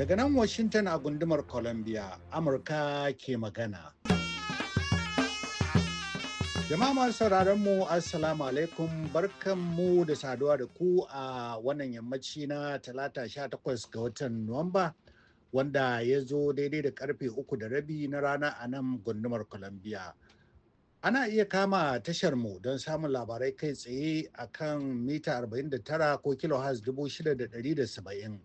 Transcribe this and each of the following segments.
Daga nan Washington a gundumar Columbia, Amurka ke magana. Jama'a masu sauraron mu Assalamu alaikum mu da saduwa da ku a wannan yammaci na talata sha 18 ga watan Nuwamba wanda ya zo daidai da karfe uku da rabi na rana a nan gundumar Columbia. Ana iya kama tashar mu don samun labarai kai tsaye a kan mita 49 ko kilohertz 6,670.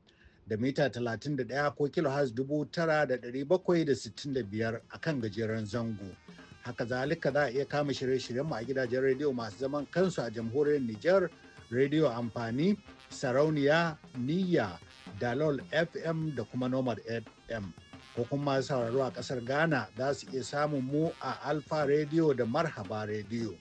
da mita 31 ko dubu tara da da bakwai sittin da biyar a kan gajeren zango. Haka zalika za a iya kama shirye-shiryenmu a gidajen rediyo masu zaman kansu a jamhuriyar Niger rediyo amfani, sarauniya, niyya, dalol FM da kuma nomad FM. Ko kuma sauraro a ƙasar Ghana za su iya samun mu a Alfa rediyo da Marhaba rediyo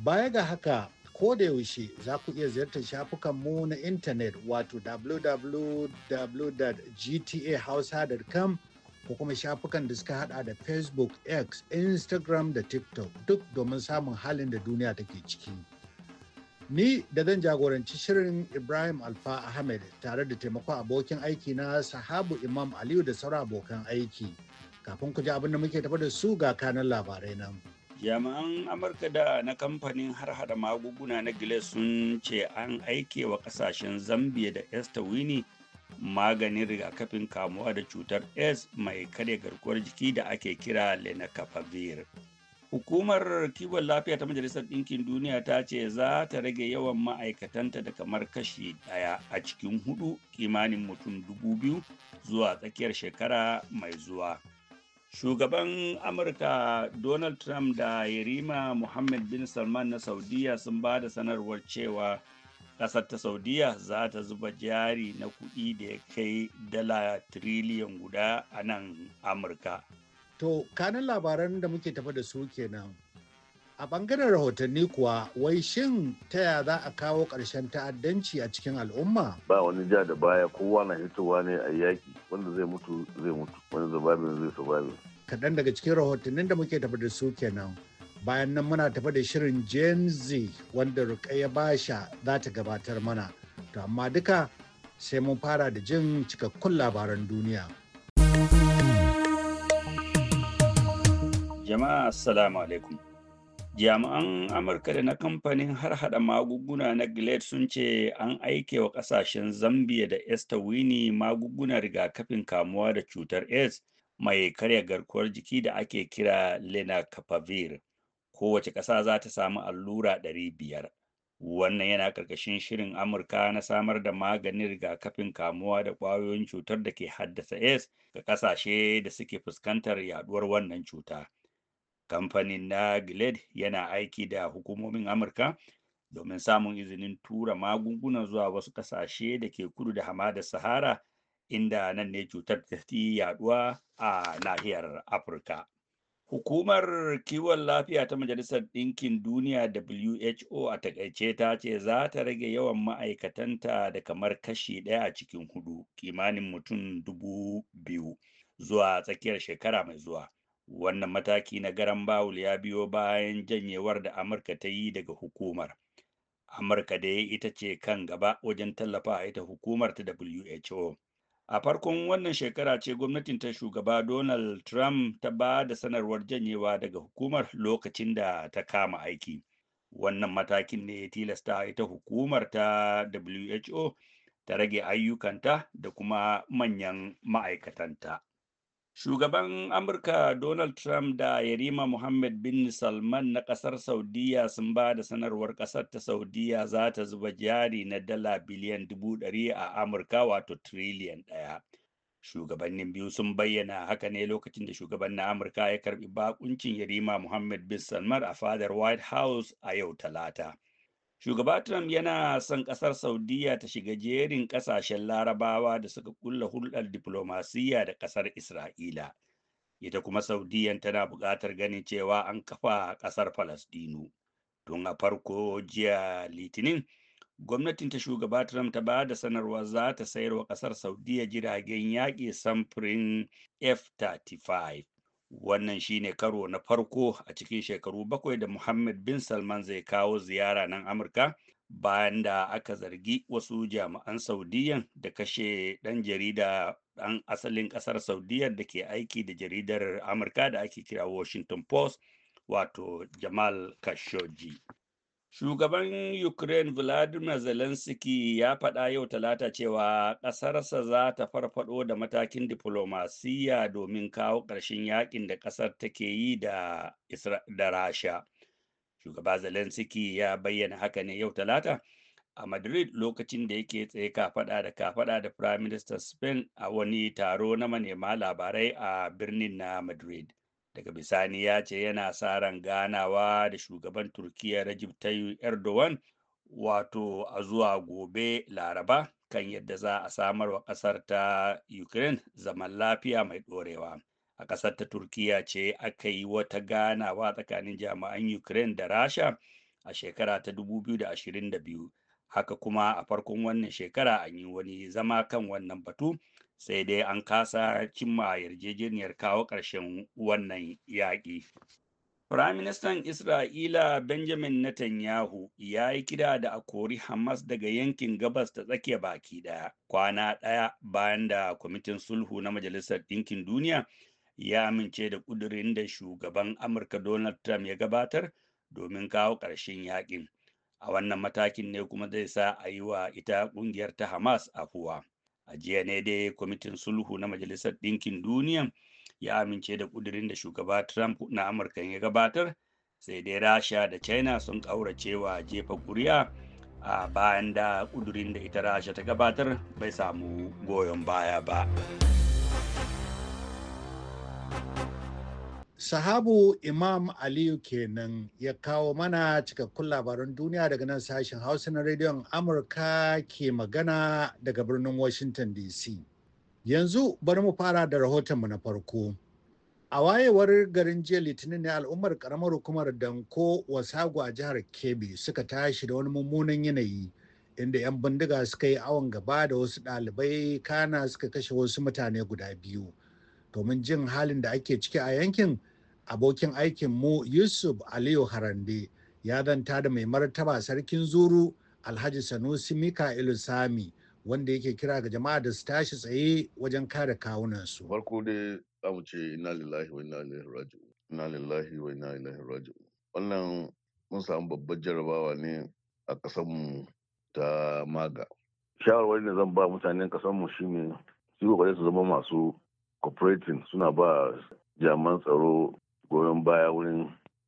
Baya ga haka ko da yaushe za ku iya ziyartar shafukanmu na intanet wato www.gtahausa.com ko kuma shafukan da suka hada da facebook x instagram da tiktok duk domin samun halin da duniya take ciki ni da zan jagoranci shirin ibrahim alfa ahmed tare da taimako abokin aiki na sahabu imam aliyu da sauran abokan aiki kafin ku ji abin da muke tafa da su ga kanan labarai nan. jami'an amurka da na kamfanin harhaɗa magunguna na gilas sun ce an aike wa kasashen zambia da estawini maganin rigakafin kamuwa da cutar s mai karya garkuwar jiki da ake kira lenacapavir hukumar kiwon lafiya ta majalisar ɗinkin duniya ta ce za ta rage yawan ma'aikatanta da kamar kashi ɗaya a cikin hudu kimanin mutum dubu biyu zuwa tsakiyar shekara mai zuwa shugaban amurka donald trump da yarima muhammad bin salman na saudiya sun ba da sanarwar cewa ƙasar ta saudiya za ta zuba jari na kuɗi da ya kai dala tiriliyan guda a nan amurka to kanin labaran da muke tafa da su kenan a bangaren rahotanni kuwa wai shin ta ya za a kawo ƙarshen ta'addanci a cikin al'umma ba wani ja da baya kowa na hitowa ne a yaki wanda zai mutu zai mutu wani zababin zai sababin kaɗan daga cikin rahotannin da muke tafi da su kenan bayan nan muna tafi da shirin gen z wanda rukaya basha za ta gabatar mana to amma duka sai mun fara da jin cikakkun labaran duniya jama'a assalamu alaikum jami'an amurka da na kamfanin har harhaɗa magunguna na glade sun ce an aike wa ƙasashen zambia da wini magunguna rigakafin kamuwa da cutar aids mai karya garkuwar jiki da ake kira 'Lena lenacapavir kowace ƙasa za ta samu allura 500 wannan yana ƙarƙashin shirin amurka na samar da maganin rigakafin kamuwa da ƙwayoyin cutar da ke haddasa aids ga ƙasashe da suke fuskantar yaduwar wannan cuta. kamfanin na glade yana aiki da hukumomin amurka domin samun izinin tura magungunan zuwa wasu ƙasashe da ke kudu da hamadar sahara inda nan ne cutar ta yaduwa a nahiyar afirka Hukumar kiwon lafiya ta Majalisar Ɗinkin Duniya WHO a takaice ta ce za ta rage yawan ma'aikatanta da kamar kashi ɗaya a cikin hudu, kimanin mutum dubu biyu zuwa tsakiyar shekara mai zuwa. wannan mataki na garan bawul ya biyo bayan janyewar da amurka ta yi daga hukumar amurka da ya ita ce kan gaba wajen tallafa a ita hukumar ta who a farkon wannan shekara ce gwamnatin ta shugaba donald trump ta ba da sanarwar janyewa daga hukumar lokacin da ta kama aiki wannan matakin ne ya tilasta ita hukumar ta who ta rage ayyukanta da kuma manyan ma'aikatanta Shugaban Amurka Donald Trump da Yarima Mohammed bin Salman na ƙasar Saudiya sun ba da sanarwar ƙasar ta Saudiya za ta zuba jari na dala biliyan dubu ɗari a Amurka wato triliyan ɗaya. Shugabannin biyu sun bayyana haka ne lokacin da shugaban na Amurka ya karbi bakuncin Yarima Mohammed bin Salman a fadar White House a yau Talata. Shugaba Trump yana son ƙasar Saudiyya ta shiga jerin ƙasashen larabawa da suka kulla hulɗar diflomasiyya da ƙasar Isra'ila. Ita kuma Saudiyya tana buƙatar ganin cewa an kafa ƙasar Falasɗinu. Tun a farko jiya Litinin, gwamnatin ta shugaba Trump ta ba da sanarwa za ta sayar wa ƙasar Saudiyya jiragen yaƙi samfurin F-35. wannan shine karo na farko a cikin shekaru bakwai da muhammad bin salman zai kawo ziyara nan amurka bayan da aka zargi wasu jami'an saudiyan da kashe ɗan jarida ɗan asalin ƙasar Saudiyya da ke aiki da jaridar amurka da ake kira washington post wato jamal khashoggi Shugaban Ukraine Vladimir Zelensky ya faɗa yau talata cewa ƙasarsa za ta farfaɗo da matakin diplomasiya domin kawo ƙarshen yakin da ƙasar take yi da Rasha. Shugaba Zelensky ya bayyana haka ne yau talata a Madrid lokacin da yake tsaye kafaɗa da kafaɗa da Prime Minister Spain a wani taro na manema labarai a birnin na Madrid. daga bisani ya ce yana sa ran ganawa da shugaban turkiyya rajib tayyip erdogan wato a zuwa gobe laraba kan yadda za a samar wa ƙasar ta ukraine zaman lafiya mai ɗorewa a ƙasar ta turkiya ce aka yi wata ganawa tsakanin jami'an ukraine da rasha a shekara ta 2022 haka kuma a farkon wannan shekara an yi wani zama kan wannan batu sai dai an kasa cimma yarjejeniyar kawo ƙarshen wannan yaƙi. Firaministan Isra'ila Benjamin Netanyahu ya yi kira da a kori Hamas daga yankin gabas ta tsakiya baki ɗaya kwana ɗaya bayan da kwamitin sulhu na Majalisar Ɗinkin Duniya ya amince da ƙudurin da shugaban Amurka Donald Trump ya gabatar domin kawo ƙarshen yaƙin. A wannan matakin ne kuma zai sa a yi wa ita ƙungiyar ta Hamas afuwa. a jiya ne dai kwamitin sulhu na majalisar ɗinkin duniya ya amince da ƙudurin da shugaba trump na amurka ya gabatar sai dai rasha da china sun cewa jefa ƙuri'a, a bayan da ƙudurin da ita rasha ta gabatar bai samu goyon baya ba. sahabu imam aliyu kenan ya kawo mana cikakkun labaran duniya daga nan sashen hausa na rediyon amurka ke magana daga birnin washington dc yanzu bari mu fara da rahotonmu na farko a wayewar garin jiya litinin ne al'ummar karamar hukumar danko wasagu a jihar kebbi suka tashi da wani mummunan yanayi inda 'yan bindiga suka yi awon gaba da wasu ɗalibai kana suka kashe wasu mutane guda biyu domin jin halin da ake ciki a yankin abokin aikin mu yusuf aliyu harande ya zanta da mai martaba sarkin zuru alhaji sanusi mika'ilu sami wanda yake kira ga jama'a da su tashi tsaye wajen kare kawunansu farko dai za mu ina lillahi wa ina ilaihi ina lillahi wa ina ilaihi wannan mun samu babbar jarabawa ne a kasanmu ta maga shawarwari da zan ba mutanen kasanmu shine su su zama masu cooperating suna ba jaman tsaro goyon baya wurin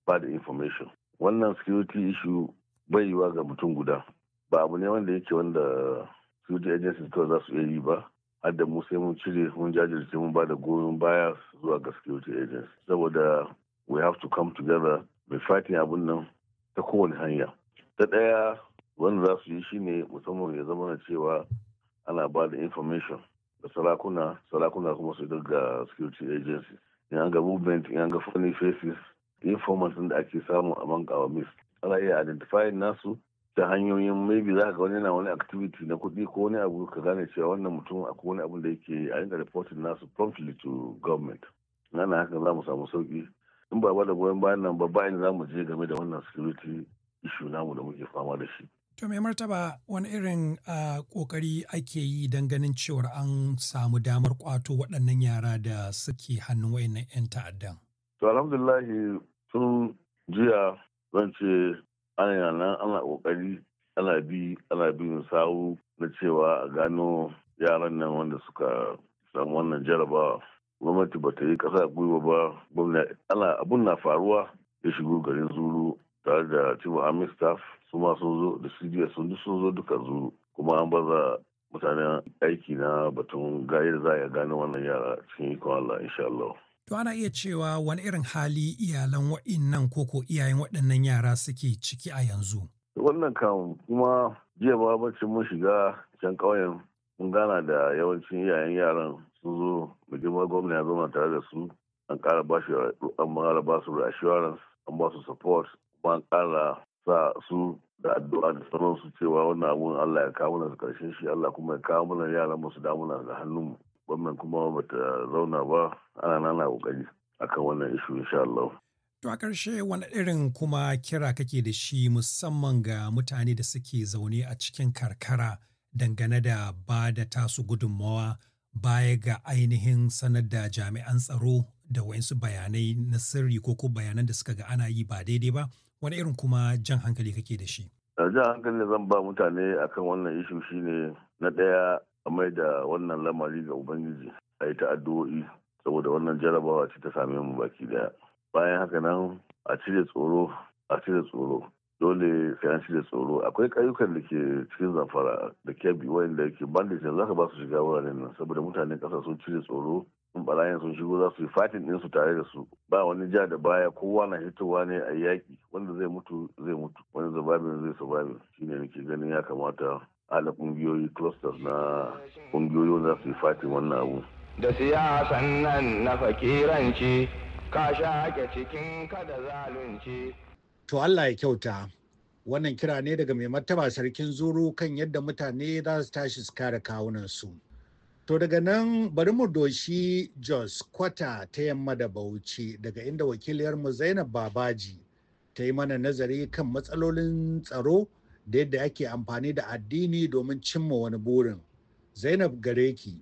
ba bad information wannan security issue bai yiwa ga mutum guda ba abu ne wanda yake wanda security agencies kawai za su iya yi ba har da mu sai mun cire mun jajirce mun ba da goyon baya zuwa ga security agents. saboda uh, we have to come together mai fighting. abun nan ta kowane hanya ta ɗaya wanda za su yi shine musamman ya zama na cewa ana ba da information da sarakuna sarakuna kuma su daga security agency in an ga movement in an ga funny faces information da ake samu among wa miss ana iya identify nasu ta hanyoyin maybe za ka wani na wani activity na kuɗi ko wani abu ka gane cewa wannan mutum akwai wani abu da yake a rinka reporting nasu promptly to government ana haka za mu samu sauki in ba ba da goyon bayan nan ba bayan za mu je game da wannan security issue namu da muke fama da shi To mai martaba wani irin ah, ƙoƙari ake yi don ganin cewar an samu damar kwato waɗannan yara da suke hannun wayannan 'yan ta'addan? To alhamdulahi tun jiya zan ce ana yana ana ƙoƙari ana bi ana bin sawu na cewa a gano yaran nan wanda suka samu wannan jarabawa. Gwamnati ba ta yi ƙasa gwiwa ba, gwamnati ana abun na faruwa ya shigo garin Zulu tare da Tibu Army staff su ma sun zo da CDS sun sun zo duka zu kuma an baza mutanen aiki na batun gayar za a gane wannan yara cikin ikon Allah insha Allah. To ana iya cewa wani irin hali iyalan wa'innan koko iyayen waɗannan yara suke ciki a yanzu. Wannan kam kuma jiya ba bacci mun shiga can ƙauyen mun gana da yawancin iyayen yaran sun zo da girma gwamna ya zama tare da su an kara ba su an an ba su support kuma ƙara sa su da addu'a da su cewa wannan abun Allah ya kawo mana karshe shi Allah kuma ya kawo mana yaran masu damuna da hannun mu wannan kuma ba ta zauna ba ana nana kokari akan wannan ishu insha Allah To a ƙarshe wani irin kuma kira kake da shi musamman ga mutane da suke zaune a cikin karkara dangane da ba da tasu gudunmawa baya ga ainihin sanar da jami'an tsaro da waɗansu bayanai na sirri ko ko bayanan da suka ga ana yi ba daidai ba wani irin kuma jan hankali kake da shi jan hankali da zan ba mutane akan wannan ishu ne. na ɗaya a mai da wannan lamari ga ubangiji a yi ta'addu'o'i saboda wannan jarabawa ce ta same mu baki daya bayan haka nan a cire tsoro a cire tsoro dole sai an cire tsoro akwai ƙauyukan da ke cikin zamfara da kebbi wayanda ke bandit yanzu aka ba su shiga wuraren nan saboda mutanen ƙasa sun cire tsoro barayin sun shigo za su yi fatin ɗinsu tare da su ba wani ja da baya kowa na hitowa ne a yaƙi wanda zai mutu zai mutu wani zababin zai sababin shine nake ganin ya kamata ala ƙungiyoyi clusters na ƙungiyoyi za su yi fatin wannan abu. da siyasan nan na fakiranci ka sha ake cikin kada zalunci. to Allah ya kyauta wannan kira ne daga mai martaba sarkin zuru kan yadda mutane za su tashi su kare kawunan su. To daga nan bari mu doshi Jos Kwata ta yamma da Bauchi daga inda wakiliyarmu Zainab Babaji ta yi mana nazari kan matsalolin tsaro da yadda ake amfani da addini domin cimma wani burin. Zainab Gareki.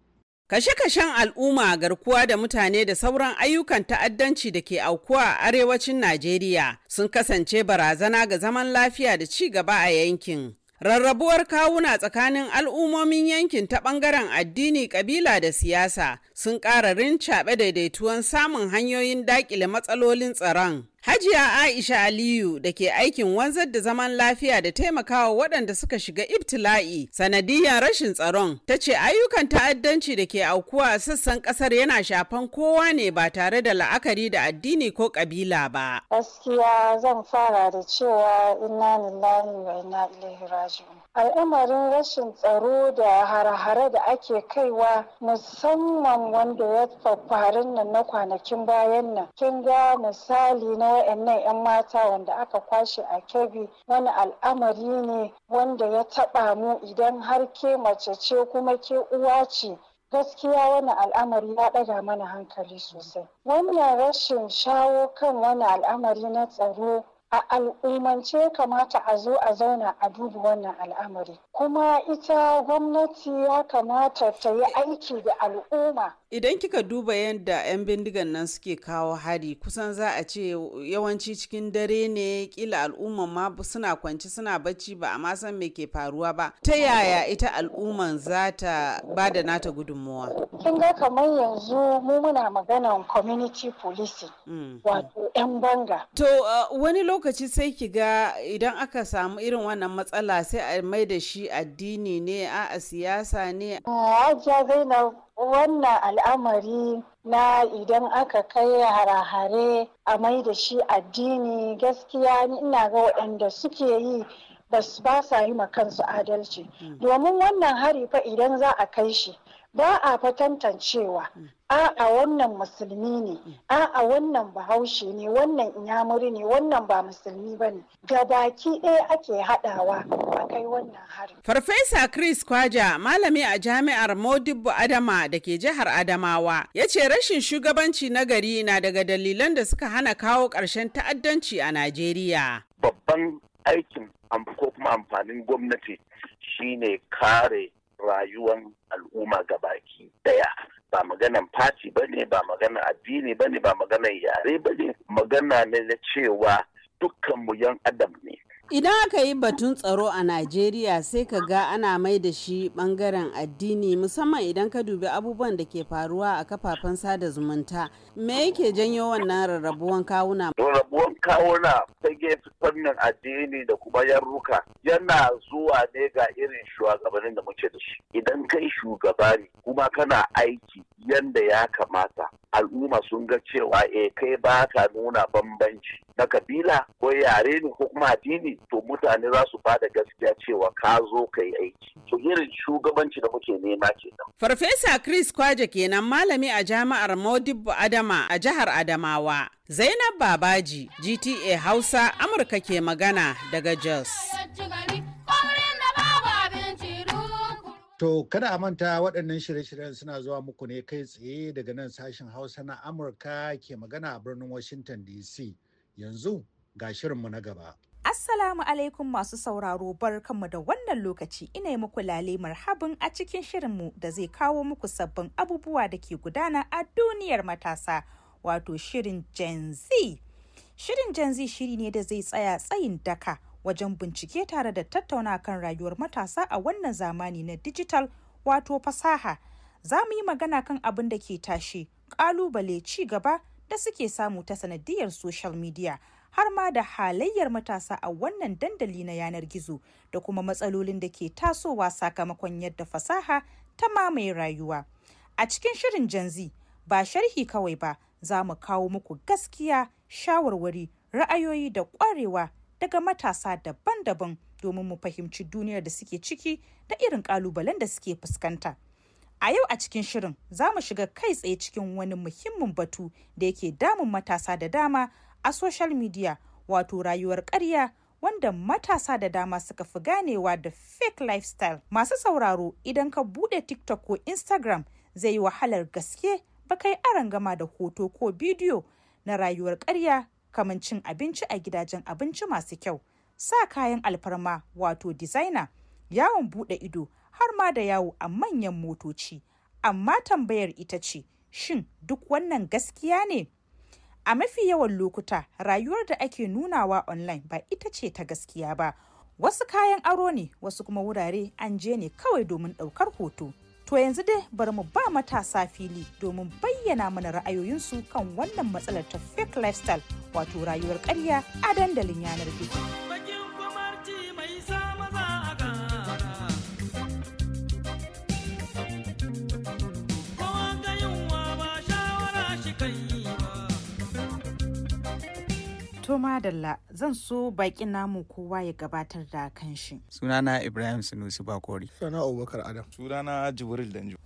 Kashe-kashen al'umma garkuwa da mutane da sauran ayyukan ta'addanci da ke aukuwa a arewacin Najeriya sun kasance barazana ga zaman lafiya da ci gaba a yankin. Rarrabuwar kawuna tsakanin al'ummomin yankin ta ɓangaren addini, ƙabila da siyasa sun ƙara rincaɓe daidaituwan samun hanyoyin daƙile matsalolin tsaron. Hajiya Aisha Aliyu da ke aikin wanzar da zaman lafiya da taimakawa waɗanda suka shiga ibtila'i sanadiyar rashin tsaron ta ce ayyukan ta'addanci da ke aukuwa a sassan ƙasar yana shafan kowa ne ba tare da la'akari da addini ko ƙabila ba. Gaskiya zan fara da cewa inna lillahi wa inna ilaihi al'amarin rashin tsaro da harahare da ake kaiwa musamman wanda ya faru nan na kwanakin bayan nan kin ga misali na wayannan 'yan mata wanda aka kwashe a kebbi wani al'amari ne wanda ya taɓa mu idan har ke mace ce kuma ke uwa ce gaskiya wani al'amari ya ɗaga mana hankali sosai wannan rashin shawo kan wani al'amari na tsaro a al'ummance kamata a zo a zauna a duba wannan al'amari kuma ita gwamnati ya kamata ta yi aiki da al'umma. Idan kika duba yadda 'yan bindigan nan suke kawo hari kusan za a ce yawanci cikin dare ne kila al'umma ma suna kwanci suna bacci ba a san me ke faruwa ba. Ta yaya ita al'umman za ta ba da nata gudunmuwa? Kin ga kamar yanzu mu muna maganan community policing mm. wato 'yan banga. To uh, wani lokaci sai ki ga idan aka samu irin wannan matsala sai a mai da shi addini ne a'a siyasa ne. Hajiya Zainab wannan al'amari na idan aka kai harahare, a mai da shi addini gaskiya ina ga waɗanda suke yi ba su sa yi ma kansu adalci hmm. domin wannan hari fa idan za a kai shi ba a fa tantancewa a'a wannan musulmi ne a'a wannan bahaushe ne wannan inyamuri ne wannan ba musulmi ba ne ga baki ɗaya ake haɗawa a kai wannan hari. farfesa chris kwaja malami a jami'ar modibbo adama da ke jihar adamawa ya ce rashin shugabanci na gari na daga dalilan da suka hana kawo ƙarshen ta'addanci a najeriya babban aikin ko kuma amfanin gwamnati shine kare rayuwan al'umma ga baki daya ba maganan fati ba ne ba maganan addini ba ne ba maganan yare ba ne magana ne na cewa dukkanmu yan adam ne Idan aka yi batun tsaro a Najeriya sai ka ga ana mai da shi bangaren addini musamman idan ka dubi abubuwan da ke faruwa a kafafen sada zumunta. Me yake janyo wannan rarrabuwan kawuna? Rarrabuwan kawuna ta gefe fannin addini da kuma yarruka yana zuwa ne ga irin shugabannin da muke da shi. Idan kai shugaba ne kuma kana aiki yanda ya kamata al'umma sun ga cewa eh kai baka nuna bambanci na kabila ko yare ne ko kuma addini to mutane za su bada gaskiya cewa ka zo ka yi aiki to irin shugabanci da muke nema kenan farfesa chris kwaje kenan malami a jami'ar modibbo adama a jihar adamawa zainab babaji gta hausa amurka ke magana daga jos To kada a manta waɗannan shirye-shiryen suna zuwa muku ne kai tsaye daga nan sashen Hausa na Amurka ke magana a birnin Washington DC. Yanzu ga shirinmu na gaba. Assalamu alaikum masu sauraro bar barkanmu da wannan lokaci ina muku lale habin a cikin shirinmu da zai kawo muku sabbin abubuwa da ke gudana a duniyar matasa wato shirin Gen Z. Shirin Gen Z shiri ne da zai tsaya tsayin daka wajen bincike tare da tattauna kan rayuwar matasa a wannan zamani na digital wato fasaha. Za mu yi magana kan abin da ke tashe, ƙalubale, ci gaba da suke samu ta sanadiyar social media har ma da halayyar matasa a wannan dandali na yanar gizo da kuma matsalolin da ke tasowa sakamakon yadda fasaha ta mamaye rayuwa. A cikin shirin janzi ba sharhi kawai ba za mu kawo muku gaskiya, shawarwari, ra'ayoyi da ƙwarewa daga matasa daban-daban domin mu fahimci duniyar da suke ciki da irin ƙalubalen da suke fuskanta. A yau a cikin shirin za mu shiga kai tsaye cikin wani muhimmin batu da yake damun matasa da dama a social media wato rayuwar ƙarya wanda matasa da dama suka fi ganewa da fake lifestyle. Masu sauraro idan ka buɗe TikTok ko Instagram zai yi wahalar gaske ba kai gama da hoto ko bidiyo na rayuwar ƙarya kamar cin abinci a gidajen abinci masu kyau, sa kayan alfarma wato designer, yawon buɗe ido har ma da yawo a manyan motoci. Amma tambayar ita ce, shin duk wannan gaskiya ne? A mafi yawan lokuta, rayuwar da ake nunawa online ba ita ce ta gaskiya ba. Wasu kayan aro ne, wasu kuma wurare an je ne kawai domin ɗaukar hoto. To yanzu dai bari mu ba matasa fili domin bayyana mana ra'ayoyinsu kan wannan matsalar ta fake lifestyle wato rayuwar ƙarya a dandalin yanar gizo. to yi zan so baƙi namu kowa ya gabatar da kanshi. Sunana Ibrahim Sunusi Bakori. Sunana Abubakar Adam. Sunana Jibril Danjo.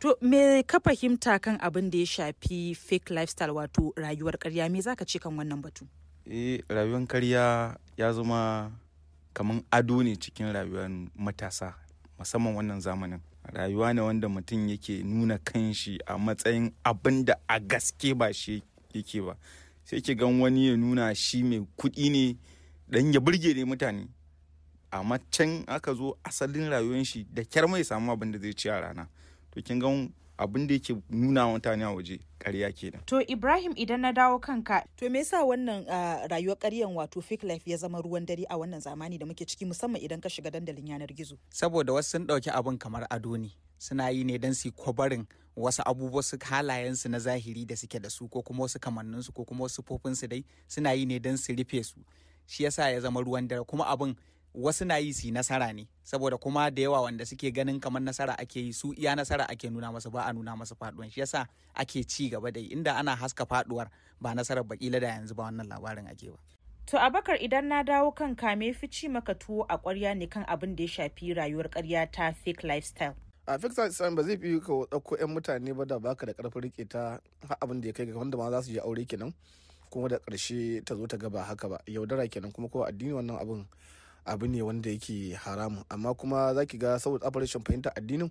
To me ka fahimta kan abin da ya shafi fake lifestyle wato rayuwar karya me zaka ce kan wannan batu? Eh rayuwar karya ya zama kamar ado ne cikin rayuwar matasa musamman wannan zamanin. rayuwa ne wanda mutum yake nuna kanshi a matsayin abin da a gaske ba shi yake ba sai ki gan wani ya nuna shi mai kuɗi ne dan ya burge ne mutane amma can aka zo asalin rayuwar shi da kyar mai samu abin da zai ci a rana to kin gan abin da yake nuna mutane a waje karya kenan to Ibrahim idan na dawo kanka to me yasa wannan ah, rayuwar karyan wato fake life ya zama ruwan dare a wannan zamani da muke ciki musamman idan ka shiga dandalin yanar gizo saboda wasu sun ɗauki abin kamar ado ne suna yi ne don su kwabarin wasu abubuwa su halayensu na zahiri da suke da su ko kuma wasu kamanninsu ko kuma wasu su dai suna yi ne don su rufe su shi yasa ya zama ruwan dare kuma abin wasu na yi su nasara ne saboda kuma da yawa wanda suke ganin kamar nasara ake yi su iya nasara ake nuna masa ba a nuna masa faduwan shi yasa ake ci gaba da inda ana haska faduwar ba nasarar bakila da yanzu ba wannan labarin ake ba To Abakar idan na dawo kan kame fici maka tuwo a ƙwarya ne kan abin da ya shafi rayuwar ƙarya ta fake lifestyle. A fake lifestyle ba zai fi ka ɗauko 'yan mutane ba da baka da ƙarfin rike ta abin da ya kai ga wanda ma za su je aure kenan kuma da ƙarshe ta zo ta gaba haka ba yaudara kenan kuma ko addini wannan abin abu ne wanda yake haramun amma kuma za ki ga saboda operation fahimta addinin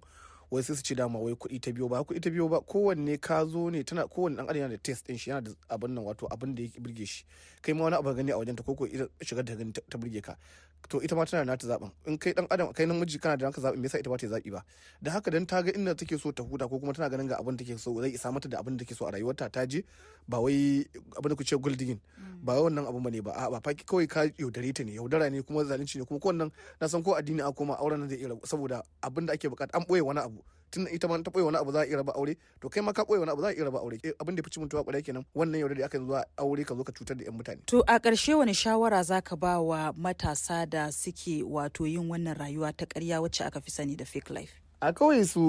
wai sai su ci dama wai kuɗi ta biyo ba kuɗi ta biyo ba kowanne ka zo ne tana kowanne dan adam yana da test din shi yana da abin nan wato abin da yake birge shi kai ma wani abu gani a wajen ta koko shigar da gani ta birge ka to ita ma tana nata zaben in kai dan adam kai namiji kana da naka zaben me yasa ita ba ta zaɓi ba da haka dan ta ga inda take so ta huta ko kuma tana ganin ga abin da take so zai isa mata da abin da take so a rayuwarta ta je ba wai abin da ku ce guldigin mm. ba wai wannan abu bane ba a ba kawai ka yaudare ta ne yaudara ne kuma zalunci ne kuma ko wannan na san ko addini a koma auren nan zai iya saboda abin da ake bukata an boye wani abu da ita ma ta ɓoye wani abu za a iya raba aure to kai ma ka ɓoye wani abu za a iya raba aure eh, abin da fice mutuwa kwarai kenan wannan yau da aka zuwa aure ka zo ka cutar da yan mutane to a ƙarshe wani shawara za ka ba wa matasa da suke wato yin wannan rayuwa ta ƙarya wacce aka fi sani da fake life a kawai su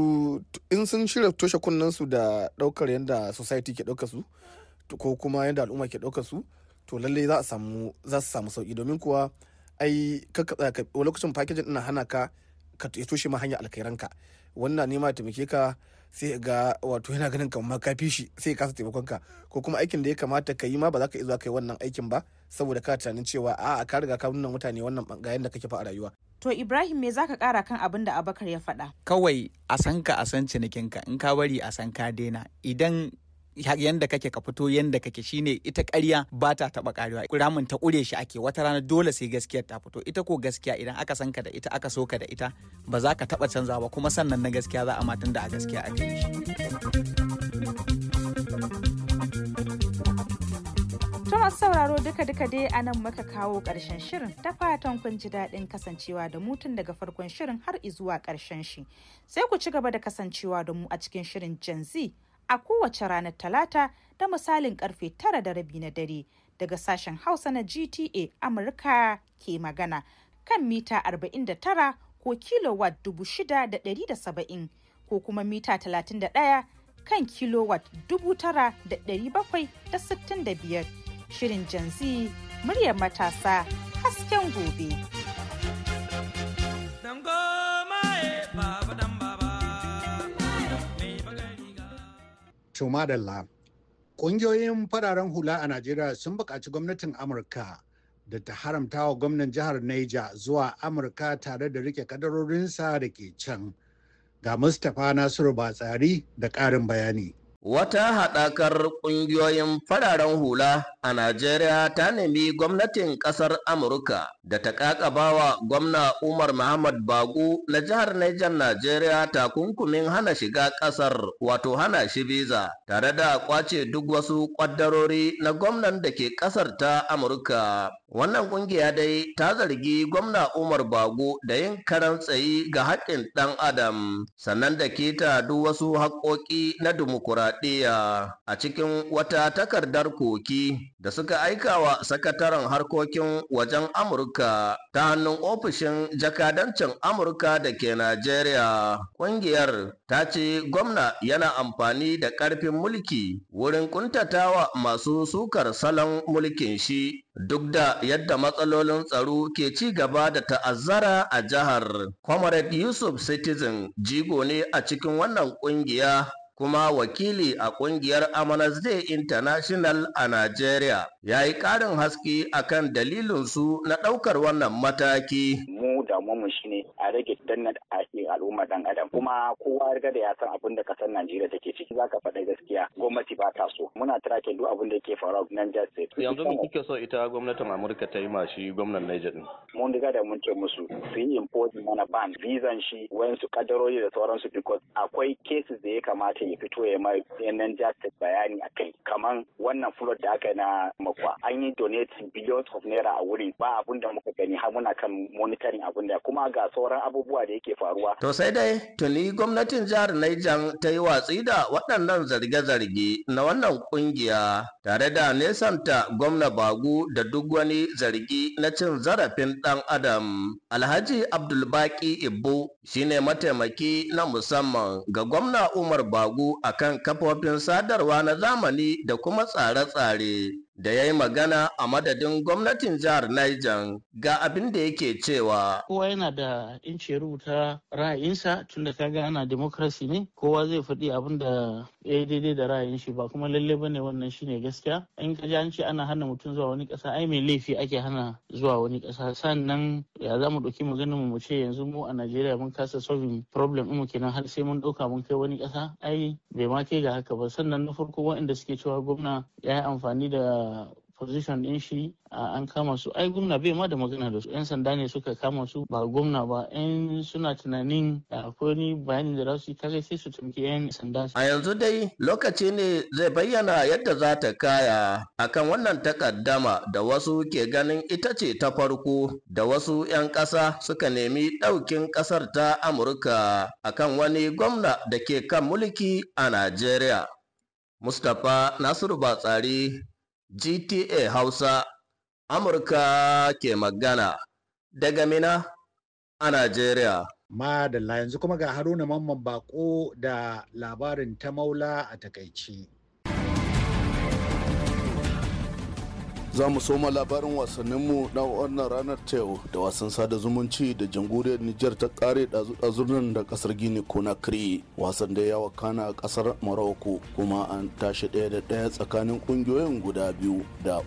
in sun shirya toshe kunnen su da ɗaukar yadda society ke ɗauka su ko kuma yadda al'umma ke ɗauka su to lallai za a samu za su samu sauki domin kuwa ai kakka eh, lokacin packaging ina hana ka ka toshe ma hanya alkairanka wannan nema taimake ka sai ga wato yana ganin kamar ka fi shi sai kasa taimakon ka ko kuma aikin da ya kamata ka yi ma ba za ka iya zuwa kai wannan aikin ba saboda ka tunanin cewa a ka riga ka nuna mutane wannan bangayen da kake fa a rayuwa to Ibrahim me zaka kara kan abin da Abakar ya faɗa kawai a san ka a san cinikin ka in ka bari a san ka daina idan yanda kake ka fito yanda kake shine ita ƙarya ba ta taɓa ƙarewa ramin ta ƙure shi ake wata rana dole sai gaskiyar ta fito ita ko gaskiya idan aka san ka da ita aka so ka da ita ba za ka taɓa canza ba kuma sannan na gaskiya za a matan da a gaskiya ake yi shi. masu sauraro duka-duka dai a nan muka kawo ƙarshen shirin ta fatan kun ji daɗin kasancewa da mu daga farkon shirin har izuwa ƙarshen shi sai ku ci gaba da kasancewa da mu a cikin shirin Gen a kowace ranar Talata da misalin karfe tara da rabi na dare daga sashen Hausa na GTA Amurka ke magana kan mita 49 ko kilowatt saba'in ko kuma mita 31 kan kilowatt 9,765 shirin janzi muryar matasa hasken gobe. Cumadalla. Ƙungiyoyin fararen hula a Najeriya sun buƙaci gwamnatin Amurka da ta haramta wa gwamnan jihar Niger zuwa Amurka tare da rike kadarorinsa da ke can. Ga Mustapha Nasiru Batsari da ƙarin bayani. Wata haɗakar ƙungiyoyin fararen hula a Najeriya ta nemi gwamnatin ƙasar Amurka da ta ƙaƙabawa gwamna Umar Muhammad Bago na jihar Nijar Najeriya takunkumin hana shiga ƙasar wato hana shi biza tare da ƙwace duk wasu ƙwaddarori na gwamnan da ke ƙasar ta Amurka. Wannan ƙungiya dai ta zargi gwamna Umar Bago da yin karan tsayi ga haƙƙin ɗan Adam sannan da keta duk wasu haƙƙoƙi na dimokuraɗiyya. Gaɗiya a cikin wata takardar koki da suka aika wa sakataren harkokin wajen Amurka ta hannun ofishin jakadancin Amurka da ke Najeriya. Ƙungiyar ta ce gwamna yana amfani da ƙarfin mulki wurin kuntatawa masu sukar salon mulkin shi duk da yadda matsalolin tsaro ke ci gaba da ta'azzara a jihar. Comrade Yusuf Citizen jigo ne a cikin wannan ƙungiya. kuma wakili a kungiyar Amnesty Day International a Nigeria, ya yi ƙarin haske akan dalilinsu na ɗaukar wannan mataki. Mu damuwa shine a rage danna ake al'ummar dan adam kuma kowa riga da ya san abin da kasar Najeriya take ciki zaka faɗa gaskiya gwamnati ba ta so muna tracking duk abin da yake faruwa nan Niger State yanzu me kike so ita gwamnatin Amurka ta yi mashi gwamnan Niger din mun riga da mun ce musu su yi imposing mana ban visa shi su kadarori da sauran su, because akwai cases da ya kamata ya fito ya mai yanan State bayani akai kaman wannan flood da aka na makwa an yi donating billions of naira a wuri ba abin da muka gani har muna kan monitoring abun da kuma ga sauran abubuwa abubuwa da yake faruwa. To sai dai tuni gwamnatin jihar Niger ta yi watsi da waɗannan zarge-zarge na wannan ƙungiya tare da nesanta gwamna Bagu da duk wani zargi na cin zarafin ɗan Adam. Alhaji Abdulbaki Ibu shine mataimaki na musamman ga gwamna Umar Bagu akan kafofin sadarwa na zamani da kuma tsare-tsare. da ya yi magana a madadin gwamnatin jihar Niger ga abin da yake cewa. Kowa yana da inci rubuta ra'ayinsa tun da kaga ana demokrasi ne kowa zai faɗi abin da ya yi daidai da ra'ayin shi ba kuma lalle ba ne wannan shine gaskiya. In ka an ce ana hana mutum zuwa wani ƙasa ai mai laifi ake hana zuwa wani ƙasa sannan ya za mu ɗauki maganin mu ce yanzu mu a Najeriya mun kasa solving problem mu kenan har sai mun ɗauka mun kai wani ƙasa ai bai ma kai ga haka ba sannan na farko waɗanda suke cewa gwamna ya yi amfani da position din shi an kama su ai gwamna bai ma da magana da su yan sanda ne suka kama su ba gwamna ba yan suna tunanin akwai ni bayanin da za su yi kaga sai su tamki yan sanda a yanzu dai lokaci ne zai bayyana yadda za ta kaya akan wannan takaddama da wasu ke ganin ita ce ta farko da wasu yan ƙasa suka nemi ɗaukin ƙasar ta amurka akan wani gwamna da ke kan mulki a najeriya mustapha nasiru batsari GTA Hausa, Amurka ke magana daga Mina a Najeriya. Madalla yanzu kuma ga Haruna Mamman Bako da labarin ta maula a takaici. za mu soma labarin wasanninmu na wannan ranar ta yau da wasan sada zumunci da jamhuriyar Nijar ta kare ɗazunan da kasar Gini Conakry wasan da ya wakana a kasar Morocco kuma an tashi ɗaya da ɗaya tsakanin ƙungiyoyin guda biyu da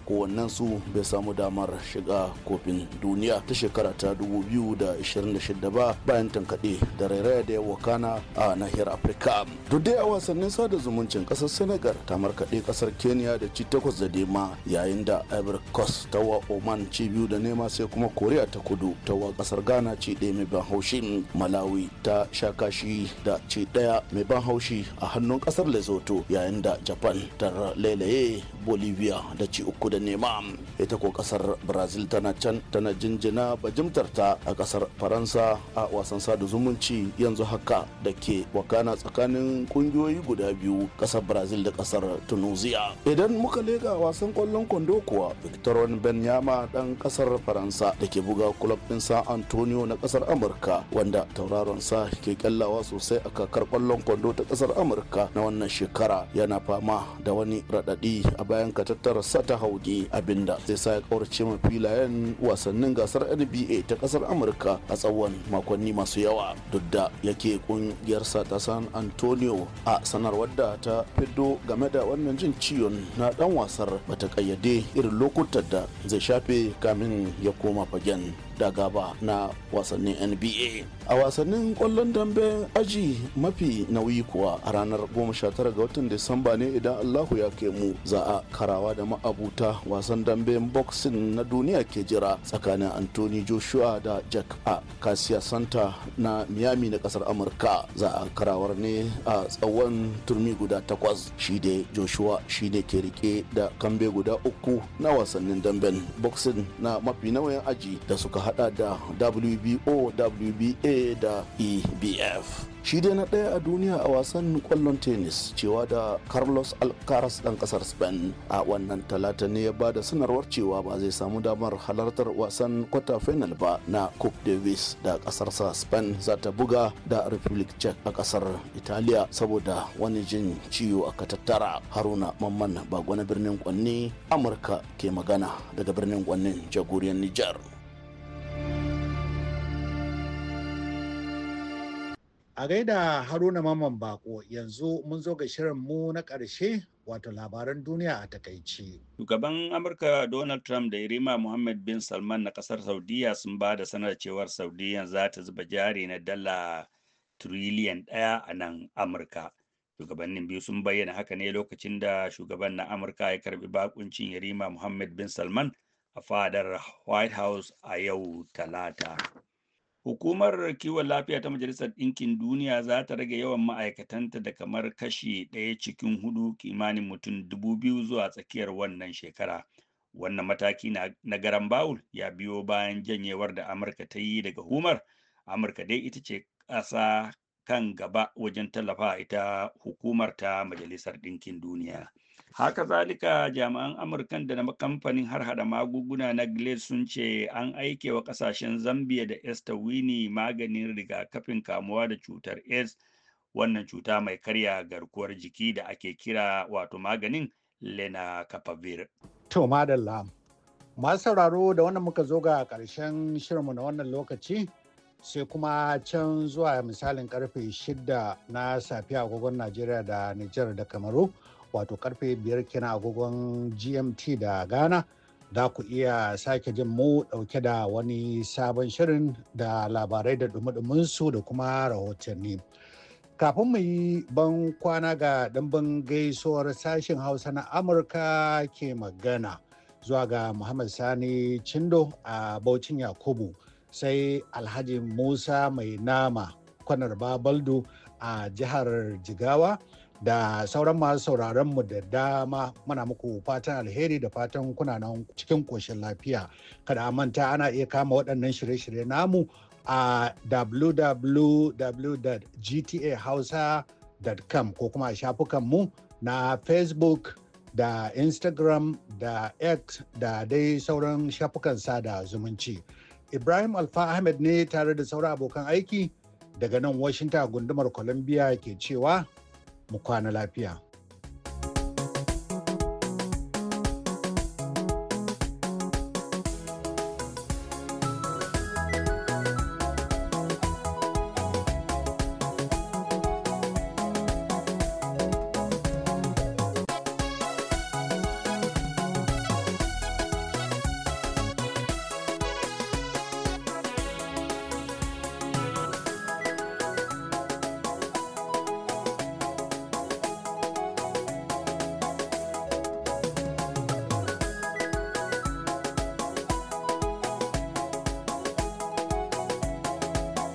su bai samu damar shiga kofin duniya ta shekara ta 2026 ba bayan tankaɗe da rairaya da ya wakana a nahiyar Afirka. Duk da wasannin sada zumuncin kasar Senegal ta markaɗe kasar Kenya da ci takwas da dema yayin da ivory coast ta wa oman ci biyu da nema sai kuma korea ta kudu ta wa kasar ghana ci ɗaya mai ban haushi malawi ta sha kashi da ci ɗaya mai ban haushi a hannun kasar lesotho yayin da japan ta lailaye bolivia da ci uku da nema ita ko kasar brazil tana can tana jinjina bajimtar ta a kasar faransa a wasan sada zumunci yanzu haka da ke wakana tsakanin kungiyoyi guda biyu kasar brazil da kasar tunisia idan muka lega wasan kwallon kwando kuwa wa victor benyama dan kasar faransa da ke buga club din san antonio na kasar amurka wanda tauraron sa ke kyallawa sosai a kakar kwallon kwando ta kasar amurka na wannan shekara yana fama da wani radadi a bayan katattarar sa ta hauge abinda zai sa ya kaurace ma filayen wasannin gasar nba ta kasar amurka a tsawon makonni masu yawa duk da yake ƙungiyarsa ta san antonio a sanarwar da ta fido game da wannan jin ciwon na dan wasar bata kayyade irin lokutan da zai shafe kamin ya koma fagen da gaba na wasannin nba a wasannin kwallon dambe aji mafi nauyi kuwa a ranar 19 ga watan disamba ne idan allahu ya kai mu za a karawa da ma'abuta wasan dambe boxing na duniya ke jira tsakanin anthony joshua da jack a kasiya santa na miami na kasar amurka za a karawar ne a tsawon turmi guda takwas shi dai joshua shi ne ke rike da kambe guda uku na wasannin damben boxing na mafi nauyin aji da suka hada da wbo wba da ebf shi dai na ɗaya a duniya a wasan kwallon tennis cewa da carlos alcaraz ɗan ƙasar spain a wannan talata ne ya bada sanarwar cewa ba zai samu damar halartar wasan kwata final ba na cup davis da ƙasarsa spain za ta buga da republic czech a ƙasar italiya saboda wani jin ciwo a katattara haruna mamman bago na birnin kwanni amurka ke magana daga birnin kwannin jagoriyar nijar. A gaida Haruna Maman Bako yanzu mun zo ga shirin mu na ƙarshe wato labaran duniya a takaici. Shugaban Amurka Donald Trump da Irima Muhammad bin Salman na ƙasar Saudiya sun ba da sanar cewar Saudiya za ta zuba jari na dala tiriliyan ɗaya a nan Amurka. Shugabannin biyu sun bayyana haka ne lokacin da shugaban na Amurka ya karbi bakuncin Irima Muhammad bin Salman a fadar White House a yau Talata. Hukumar kiwon lafiya ta Majalisar Ɗinkin Duniya za ta rage yawan ma'aikatanta da kamar kashi ɗaya cikin hudu kimanin mutum dubu biyu zuwa tsakiyar wannan shekara. Wannan mataki na garan bawul ya biyo bayan janyewar da Amurka ta yi daga humar. Amurka dai ita ce ƙasa kan gaba wajen tallafa ita hukumar ta Majalisar Ɗinkin Duniya. haka zalika jami'an amurkan da na kamfanin harhada magunguna na glade sun ce an aike wa kasashen zambia da wini maganin rigakafin kamuwa da cutar aids wannan cuta mai karya garkuwar jiki da ake kira wato maganin lena Kapavir. to madalla masu sauraro da wannan muka zo ga ƙarshen shirinmu na wannan lokaci sai kuma can zuwa misalin karfe shida na safiya agogon najeriya da nijar da kamaru wato karfe biyar kina agogon gmt da ghana za ku iya sake jin mu dauke da wani sabon shirin da labarai da dumi da kuma rahotanni kafin mu yi ban kwana ga dimbin gaisuwar sashen hausa na amurka ke magana zuwa ga muhammad sani Chindo a baucin yakubu sai alhaji musa mai nama kwanar babaldu a jihar jigawa da sauran masu sauraron mu da dama muna muku fatan alheri da fatan kuna nan cikin koshin lafiya kada a manta ana iya kama waɗannan shirye-shirye namu a www.gtahausa.com ko kuma a shafukanmu na facebook da instagram da x da dai sauran shafukan da zumunci ibrahim alfa ahmed ne tare da sauran abokan aiki daga nan washington gundumar columbia ke cewa mu kwana lafiya.